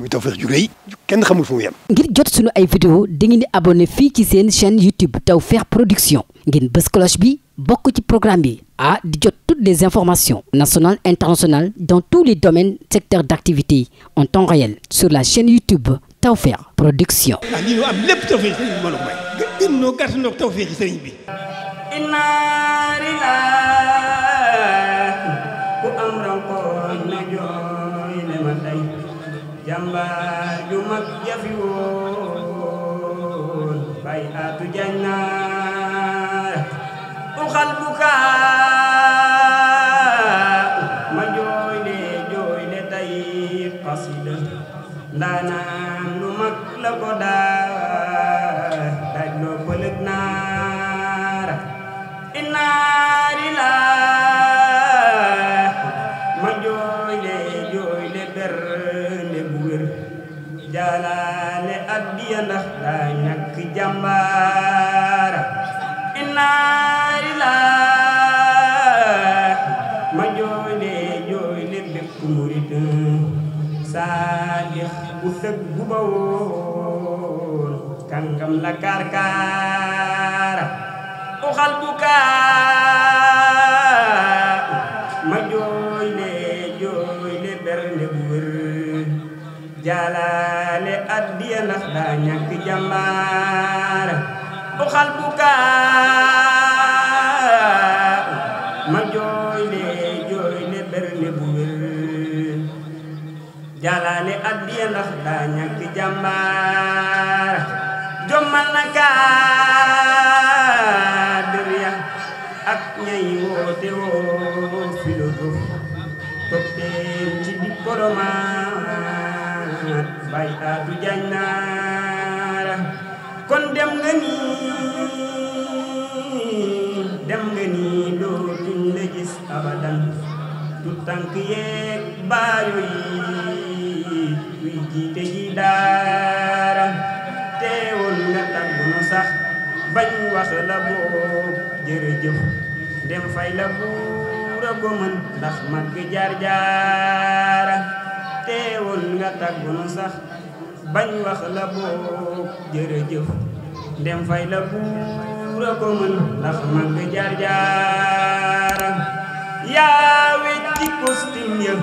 muy Tawfekh kenn xamul fu mu ngir jot sunu ay vidéo dangeen di abonné fii ci seen chaîne YouTube Tawfekh Production ngeen bës bi bokk ci programme bi ah di jot toutes les informations nationales internationales dans tous les domaines secteurs d'activité en temps réel sur la chaîne YouTube Tawfekh Production. ah lii am lépp Tawfekh sëriñ bi mën a may. gën noo bi. ju mag ja fi woon bay aatu jannat u xal bukaat jaalaale addiya ndax daa ñàkk jàmbaara inaari laa ma joole joole bépp murit saalix bu sëg bu bawoon kàngam la karkaar indaale addiya ndax daa ñàkk jàmbaar bu xal bu gaa ma jooy le jooy le bu wér jalaale addiya ndax daa ñàkk jàmbaar jommal du jànnaara kon dem nga dem nga nii dootuñ la abadan du tànk yeeg baayo yi kuy jiite ji daara teewoon nga tàggunu sax bañ wax la boob jërëjëf dem fay la buura ko mën ndax mag jaar jaara teewul nga tàggunu sax bañ wax la boob jërëjëf ndem fay la buura ko mën ndax mag jaar jaaram yaa wecci kostim ya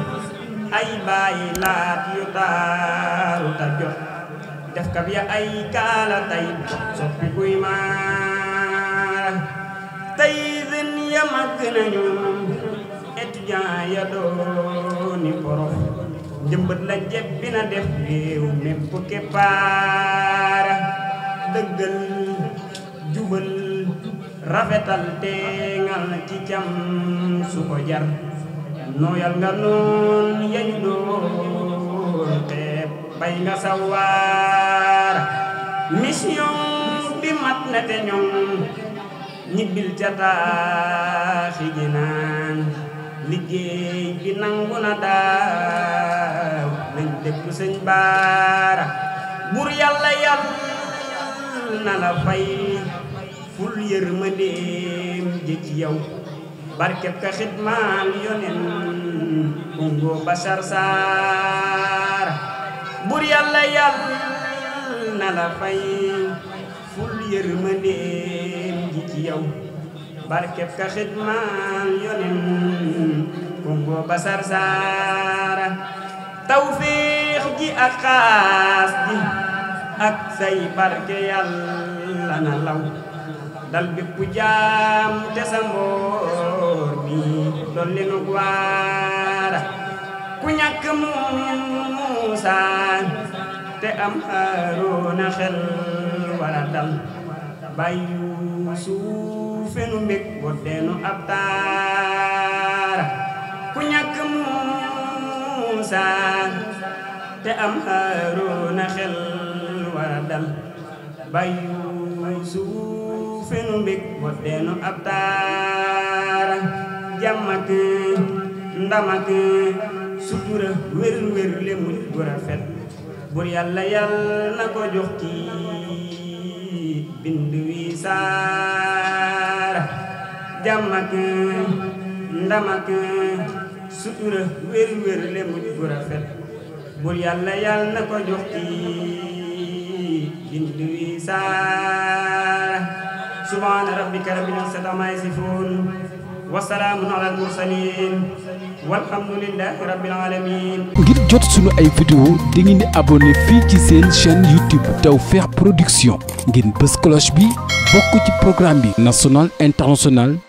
ay bàyyi laat yu taaru ta def kab ya ay kaala tay soppi kuy maara tey zën ya mag nañu étudiant ya dooni prof jëmbët la jëb na def réew mépp keppaara dëggal jubal rafetal teengal ci cam su ko jar nooyal nga noon yañ doon xeeb bay nga sawaar mission bi mat na te ñoom ñibbil ca taaxi ji naan liggéey bi nangu na daal bu sëñ baara bur yàlla yal na la fay ful yërmandeem ji ci yow barkeb ka xidmaal yonen kongo basar saara bur yàlla yal na la fay ful yërmandeem ji ci yow barkeb ka xidmaal yonen kongo basar saara tawfiq gi ak xaas gi ak say barke yàlla na law dal bépp jaam te sa mboor bi nu waara ku ñàkk Muusa te am Haaruna xel wara dal bàyyu suufe nu mbég woddeenu ab taara ku ñàkk Muusa te am Haaruna xel war a dal bàyyu suufenu mbég waddeenu ab taara jàmm ak ndam ak wér wér le muj bu rafet bur yàlla yàlla ko jox kii bind wi saara jàmm ak ndam wér wér le muj bu rafet bur yàlla yàlla na ko jox kii bintu wi saara subhaana rabbika rabbil izzati ammaa ngir jot sunu ay vidéo di ngeen di abonné fii ci seen chaîne YouTube Tawfekh Production ngeen bës cloche bi bokk ci programme bi national international